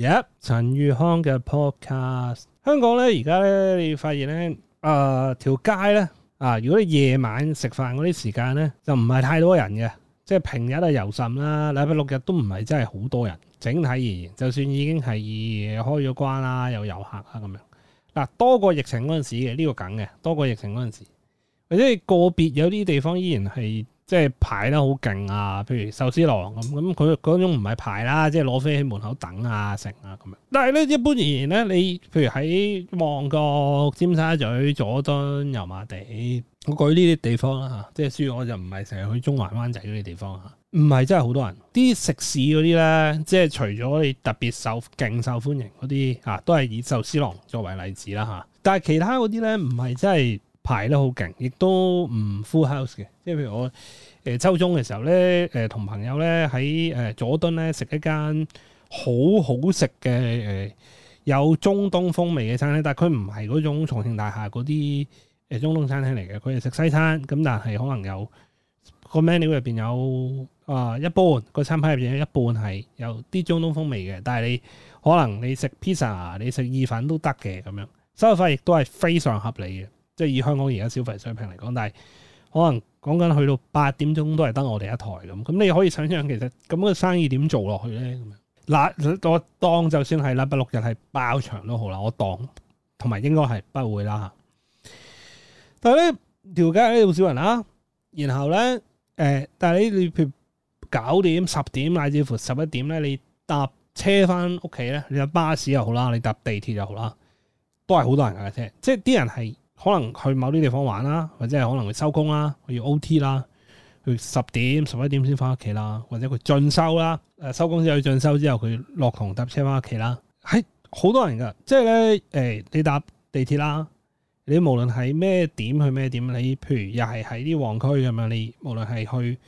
一、yeah, 陳宇康嘅 podcast，香港咧而家咧，你發現咧，啊、呃、條街咧，啊、呃、如果你夜晚食飯嗰啲時間咧，就唔係太多人嘅，即係平日啊遊神啦，禮拜六日都唔係真係好多人。整體而言，就算已經係開咗關啦，有遊客啊咁樣，嗱多過疫情嗰陣時嘅呢個梗嘅，多過疫情嗰陣時，或者係個別有啲地方依然係。即係排得好勁啊！譬如壽司郎咁咁，佢嗰種唔係排啦，即係攞飛喺門口等啊食啊咁樣。但係咧一般而言咧，你譬如喺旺角、尖沙咀、佐敦、油麻地，我舉呢啲地方啦、啊、嚇，即係雖然我就唔係成日去中環灣仔嗰啲地方嚇、啊，唔係真係好多人啲食肆嗰啲咧，即係除咗你特別受勁受歡迎嗰啲啊，都係以壽司郎作為例子啦、啊、嚇。但係其他嗰啲咧唔係真係。排都好勁，亦都唔 full house 嘅。即係譬如我誒，周、呃、中嘅時候咧，同、呃、朋友咧喺誒佐敦咧食一間好好食嘅有中東風味嘅餐廳。但佢唔係嗰種重慶大廈嗰啲、呃、中東餐廳嚟嘅，佢係食西餐。咁但係可能有個 menu 入面有啊一半個餐牌入面有一半係有啲中東風味嘅。但係你可能你食 pizza，你食意粉都得嘅咁樣，收費亦都係非常合理嘅。即係以香港而家消費水平嚟講，但係可能講緊去到八點鐘都係得我哋一台咁，咁你可以想象其實咁嘅生意點做落去咧？嗱，我當就算係禮拜六日係爆場都好啦，我當同埋應該係不會啦。但係咧條街呢度少人啦、啊，然後咧誒、呃，但係你你譬如九點、十點乃至乎十一點咧，你搭車翻屋企咧，你搭巴士又好啦，你搭地鐵又好啦，都係好多人架車，即係啲人係。可能去某啲地方玩啦，或者係可能會收工啦，要 O.T. 啦，去十點、十一點先翻屋企啦，或者佢進修啦，誒收工之後進修之後佢落堂搭車翻屋企啦，係、哎、好多人噶，即係咧誒，你搭地鐵啦，你無論喺咩點去咩點，你譬如又係喺啲旺區咁樣，你無論係去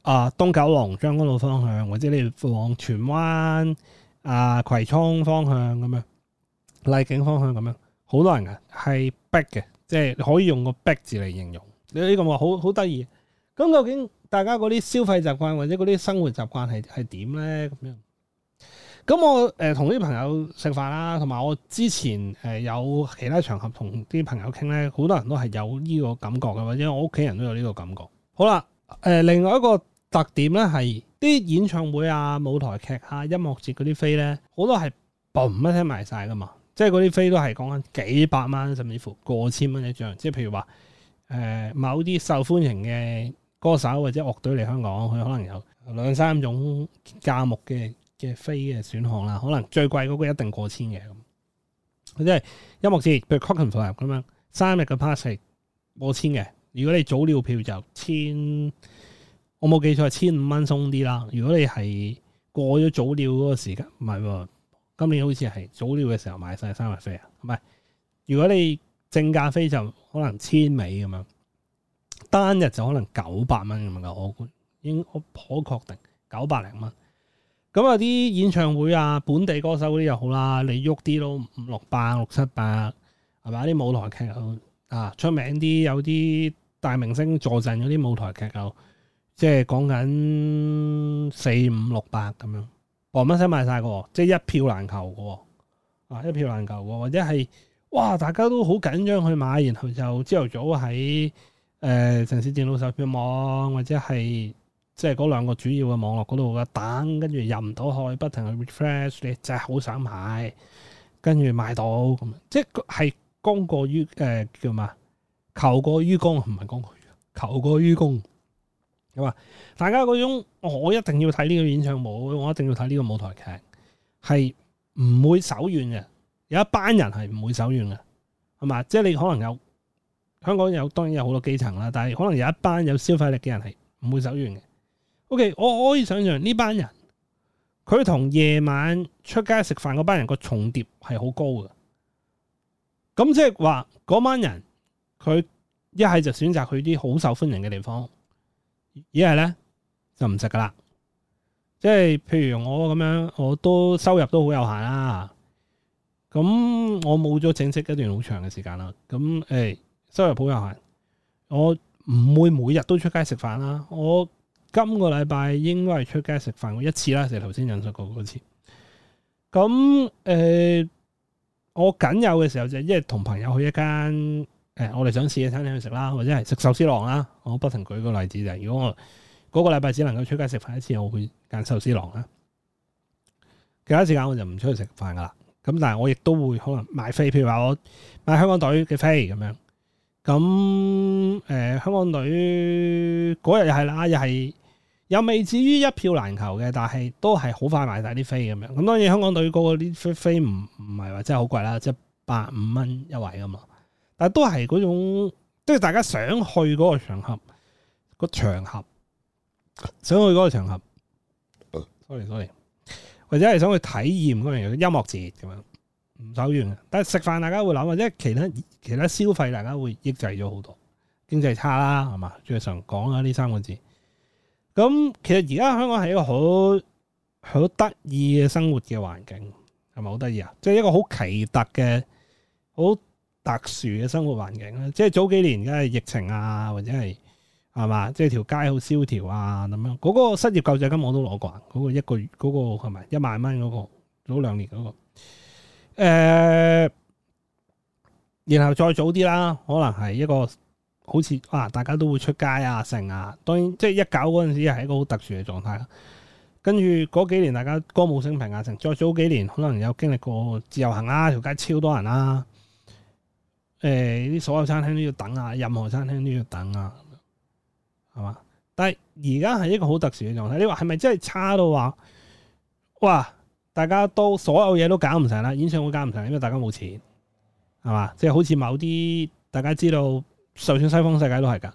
啊東九龍將軍澳方向，或者你往荃灣啊葵涌方向咁樣，麗景方向咁樣。好多人噶、啊，係逼嘅，即係可以用個逼字嚟形容。你、這、呢個話好好得意。咁究竟大家嗰啲消費習慣或者嗰啲生活習慣係係點咧？咁樣。咁我同啲、呃、朋友食飯啦，同埋我之前、呃、有其他場合同啲朋友傾咧，好多人都係有呢個感覺嘅，或者我屋企人都有呢個感覺。好啦，呃、另外一個特點咧係啲演唱會啊、舞台劇啊、音樂節嗰啲飛咧，好多係嘣一聲埋晒噶嘛。即係嗰啲飛都係講緊幾百蚊甚至乎過千蚊一張，即係譬如話誒、呃、某啲受歡迎嘅歌手或者樂隊嚟香港，佢可能有兩三種價目嘅嘅飛嘅選項啦。可能最貴嗰個一定過千嘅咁。佢即係音樂節，譬如 Cotton Club 咁樣三日嘅 pass 係過千嘅。如果你早鳥票就千，我冇記錯係千五蚊鬆啲啦。如果你係過咗早鳥嗰個時間，唔係喎。今年好似係早料嘅時候買晒三日飛啊，唔係，如果你正價飛就可能千尾咁樣，單日就可能九百蚊咁樣，我估應可確定九百零蚊。咁啊啲演唱會啊，本地歌手嗰啲又好啦，你喐啲囉，五六百六七百，係咪？有啲舞台劇啊出名啲，有啲大明星助陣嗰啲舞台劇又、啊、台劇又即係講緊四五六百咁樣。冇乜使買晒個，即係一票難求個，啊一票難求個，或者係哇大家都好緊張去買，然後就朝頭早喺誒城市電腦售票網或者係即係嗰兩個主要嘅網絡嗰度嘅等，跟住入唔到去，不停去 refresh，你，就係好想買，跟住買到咁，即係係供過於誒、呃、叫咩？求過於供，唔係供過於求過於供。話大家嗰種我一定要睇呢個演唱會，我一定要睇呢個個舞台劇，係唔會手軟嘅。有一班人係唔會手軟嘅，係嘛？即係你可能有香港有，當然有好多基層啦，但係可能有一班有消費力嘅人係唔會手軟嘅。O、okay, K，我可以想象呢班人，佢同夜晚出街食飯嗰班人個重疊係好高嘅。咁即係話嗰班人，佢一係就選擇去啲好受歡迎嘅地方。而係咧就唔食噶啦，即係譬如我咁樣，我都收入都好有限啦。咁我冇咗正式一段好長嘅時間啦。咁誒，收入好有，有、欸、有限，我唔會每日都出街食飯啦。我今個禮拜應該係出街食飯過一次啦，就頭先引述過嗰次。咁誒、欸，我僅有嘅時候就係一係同朋友去一間。嗯、我哋想試嘅餐廳去食啦，或者係食壽司郎啦。我不停舉個例子就係，如果我嗰個禮拜只能夠出街食飯一次，我會揀壽司郎啦。其他時間我就唔出去食飯噶啦。咁但係我亦都會可能買飛，譬如話我買香港隊嘅飛咁樣。咁、呃、香港隊嗰日又係啦，又係又未至於一票難求嘅，但係都係好快買晒啲飛咁樣。咁當然香港隊嗰個啲飛唔唔係話真係好貴啦，即係百五蚊一位咁嘛。但都係嗰種，即係大家想去嗰個場合，個場合想去嗰個場合，sorry sorry，或者係想去體驗嗰樣嘢，音樂節咁樣唔走，但係食飯大家會諗，或者其他其他消費大家會抑制咗好多，經濟差啦，係嘛？最常講啊呢三個字。咁其實而家香港係一個好好得意嘅生活嘅環境，係咪好得意啊？即係一個好奇特嘅好。很特殊嘅生活環境啦，即係早幾年，梗係疫情啊，或者係係嘛，即係條街好蕭條啊咁樣。嗰、那個失業救濟金我都攞過，嗰、那個一個月嗰、那個係咪一萬蚊嗰、那個？早兩年嗰、那個、呃，然後再早啲啦，可能係一個好似啊，大家都會出街啊，成啊，當然即係一搞嗰陣時係一個好特殊嘅狀態。跟住嗰幾年，大家歌舞升平啊，成再早幾年，可能有經歷過自由行啊，條街超多人啦、啊。誒，啲所有餐廳都要等啊，任何餐廳都要等啊，係嘛？但係而家係一個好特殊嘅狀態，你話係咪真係差到話，哇！大家都所有嘢都搞唔成啦，演唱會搞唔成，因為大家冇錢，係嘛？即係好似某啲大家知道，就算西方世界都係噶，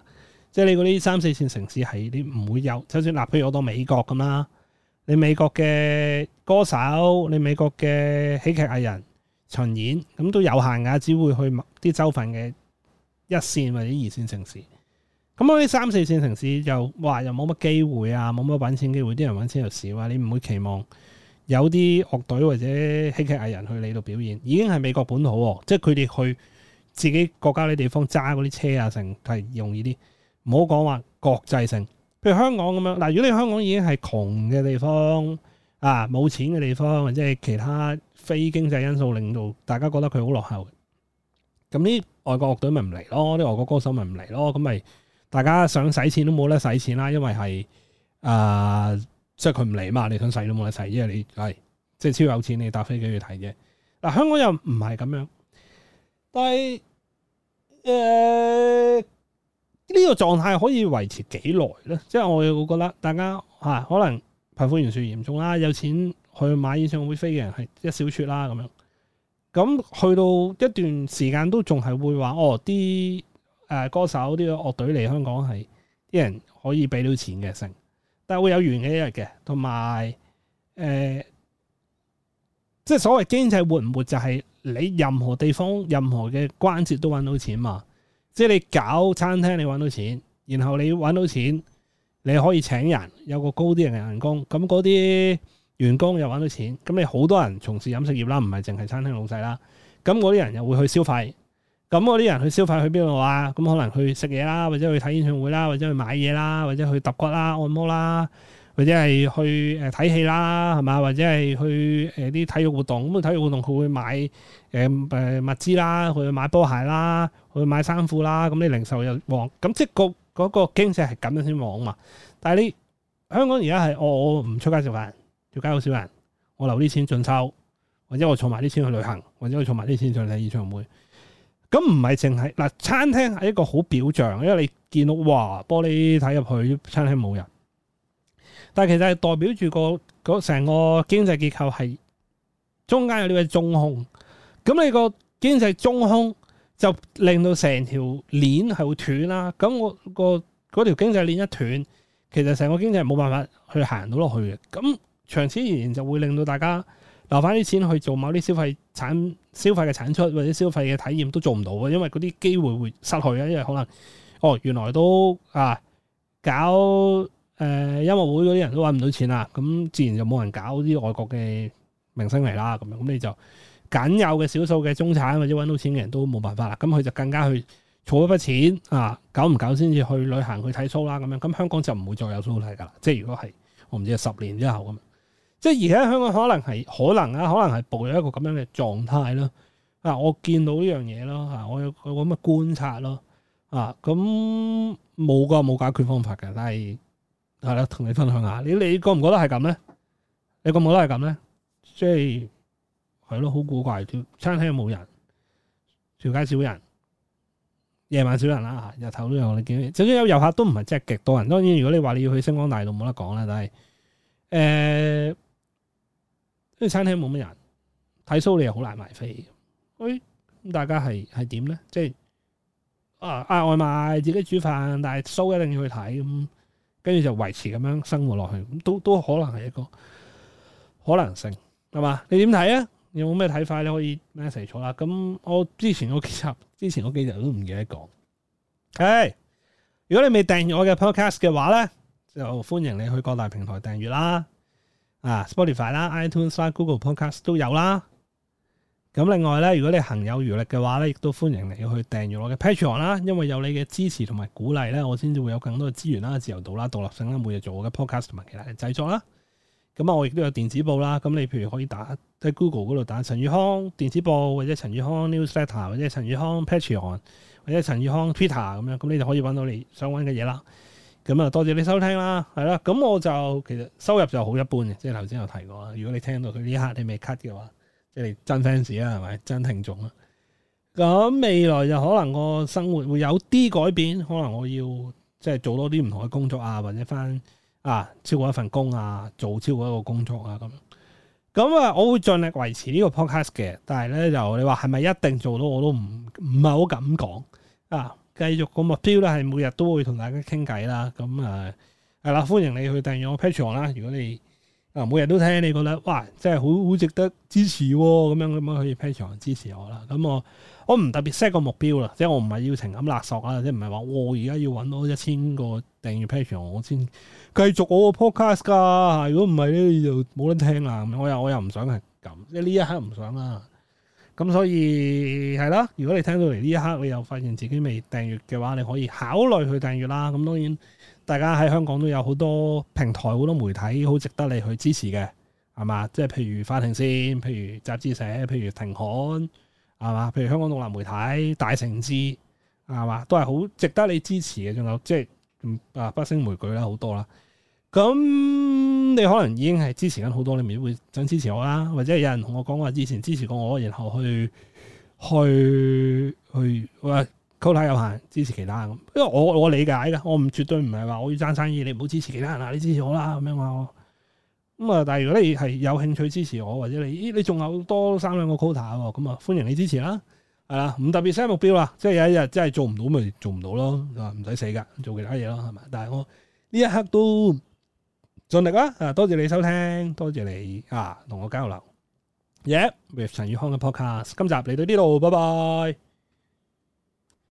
即係你嗰啲三四線城市係你唔會有。就算嗱，譬如我到美國咁啦，你美國嘅歌手，你美國嘅喜劇藝人。巡演咁都有限㗎，只會去啲州份嘅一綫或者二綫城市。咁嗰啲三四綫城市又話又冇乜機會啊，冇乜揾錢機會，啲人揾錢又少啊。你唔會期望有啲樂隊或者戲劇藝人去你度表演，已經係美國本土，即係佢哋去自己國家啲地方揸嗰啲車啊，成係容易啲。唔好講話國際性，譬如香港咁樣。嗱，如果你香港已經係窮嘅地方。啊！冇錢嘅地方，或者係其他非經濟因素，令到大家覺得佢好落後。咁呢外國樂隊咪唔嚟咯，啲外國歌手咪唔嚟咯。咁咪大家想使錢都冇得使錢啦，因為係啊，即係佢唔嚟嘛。你想使都冇得使，因為你係即係超有錢，你搭飛機去睇啫。嗱、啊，香港又唔係咁樣，但係誒呢個狀態可以維持幾耐咧？即係我會覺得大家吓，可能。貧富懸殊嚴重啦，有錢去買演唱會飛嘅人係一小撮啦咁樣。咁去到一段時間都仲係會話，哦，啲誒歌手啲樂隊嚟香港係啲人可以俾到錢嘅成，但會有緣嘅一日嘅，同埋誒即係所謂經濟活唔活就係你任何地方任何嘅關節都揾到錢嘛。即係你搞餐廳你揾到錢，然後你揾到錢。你可以請人，有個高啲人嘅人工，咁嗰啲員工又揾到錢，咁你好多人從事飲食業啦，唔係淨係餐廳老細啦，咁嗰啲人又會去消費，咁嗰啲人去消費去邊度啊？咁可能去食嘢啦，或者去睇演唱會啦，或者去買嘢啦，或者去揼骨啦、按摩啦，或者係去誒睇戲啦，係嘛？或者係去誒啲體育活動，咁體育活動佢會買誒誒物資啦，佢去買波鞋啦，去買衫褲啦，咁你零售又旺，咁即係嗰個經濟係咁樣先旺嘛，但係你香港而家係我我唔出街食飯，條街好少人，我留啲錢進修，或者我儲埋啲錢去旅行，或者我儲埋啲錢去睇演唱會。咁唔係淨係嗱，餐廳係一個好表象，因為你見到哇玻璃睇入去餐廳冇人，但係其實係代表住個成個經濟結構係中間有啲嘅中空。咁你個經濟中空，就令到成條鏈係會斷啦，咁、那、我個嗰條經濟鏈一斷，其實成個經濟係冇辦法去行到落去嘅。咁長此而言就會令到大家留翻啲錢去做某啲消費產，消費嘅產出或者消費嘅體驗都做唔到啊，因為嗰啲機會會失去啊。因為可能哦，原來都啊搞誒、呃、音樂會嗰啲人都揾唔到錢啦，咁自然就冇人搞啲外國嘅明星嚟啦。咁樣咁你就。僅有嘅少數嘅中產或者搵到錢嘅人都冇辦法啦，咁佢就更加去儲一筆錢啊，久唔久先至去旅行去睇 show 啦咁樣。咁、啊、香港就唔會再有 show 睇噶啦，即係如果係我唔知係十年之後咁。即係而家香港可能係可能啊，可能係步入一個咁樣嘅狀態咯。啊，我見到呢樣嘢咯嚇，我有咁嘅觀察咯啊。咁冇個冇解決方法嘅，但係係啦，同你分享下。你你覺唔覺得係咁咧？你覺唔覺得係咁咧？即係。就是係咯，好古怪。餐廳又冇人，條街少人，夜晚少人啦嚇、啊，日頭都有你見。就算有遊客，都唔係真係極多人。當然，如果你話你要去星光大道，冇得講啦。但係誒，啲、呃、餐廳冇乜人，睇 show 你又好難賣飛。喂、哎，咁大家係係點咧？即係、就是、啊，嗌外賣，自己煮飯，但係 show 一定要去睇咁，跟、嗯、住就維持咁樣生活落去，都都可能係一個可能性，係嘛？你點睇啊？有冇咩睇法咧？可以 message 我啦。咁我之前嗰幾集，之前嗰幾日我都唔記得講。係、hey,，如果你未訂閱我嘅 Podcast 嘅話咧，就歡迎你去各大平台訂閱啦。啊、ah,，Spotify 啦、iTunes 啦、Google Podcast 都有啦。咁另外咧，如果你行有餘力嘅話咧，亦都歡迎你要去訂閱我嘅 Patreon 啦。因為有你嘅支持同埋鼓勵咧，我先至會有更多嘅資源啦、自由度啦、獨立性啦，每日做我嘅 Podcast 同埋其他嘅製作啦。咁啊，我亦都有電子報啦。咁你譬如可以打喺 Google 嗰度打陳宇康電子報，或者陳宇康 newsletter，或者陳宇康 Patreon，或者陳宇康 Twitter，咁樣，咁你就可以揾到你想揾嘅嘢啦。咁啊，多謝你收聽啦，係啦。咁我就其實收入就好一般嘅，即係頭先有提過。如果你聽到佢呢刻你未 cut 嘅話，即係你真 fans 啊，係咪真聽眾啊？咁未來就可能個生活會有啲改變，可能我要即係做多啲唔同嘅工作啊，或者翻。啊，超過一份工啊，做超過一個工作啊，咁咁啊，我會盡力維持呢個 podcast 嘅，但係咧就你話係咪一定做到我都唔唔係好敢講啊，啊。繼續個目標咧係每日都會同大家傾偈啦，咁啊係啦，啊啊，歡迎你去訂閱我 Patreon 啦。如果你啊每日都聽，你覺得哇真係好好值得支持喎，啊，咁樣咁樣可以 Patreon 支持我啦，咁我。我唔特別 set 個目標啦，即係我唔係要情感勒索啊，即係唔係話我而家要揾到一千個訂閱 Patreon 我先繼續我個 podcast 噶。如果唔係咧，你就冇得聽啊！我又我又唔想係咁，即係呢一刻唔想啦。咁所以係啦，如果你聽到嚟呢一刻，你又發現自己未訂閱嘅話，你可以考慮去訂閱啦。咁當然，大家喺香港都有好多平台，好多媒體好值得你去支持嘅，係嘛？即係譬如法庭線，譬如雜誌社，譬如停刊。係嘛？譬如香港獨立媒體、大城志，係嘛，都係好值得你支持嘅。仲有即係啊，不勝枚舉啦，好多啦。咁你可能已經係支持緊好多，你咪會想支持我啦。或者有人同我講話以前支持過我，然後去去去話 quota 有限，支持其他人咁。因為我我理解嘅，我唔絕對唔係話我要爭生意，你唔好支持其他人啦，你支持我啦咁樣話我咁啊！但係如果你係有興趣支持我，或者你咦你仲有多三兩個 quota 喎，咁啊歡迎你支持啦，係啦，唔特別 set 目標啦，即係有一日真係做唔到咪做唔到咯，啊唔使死噶，做其他嘢咯，係嘛。但係我呢一刻都盡力啦，啊多謝你收聽，多謝你啊同我交流。Yeah, with 陳宇康嘅 podcast，今集嚟到呢度，拜拜。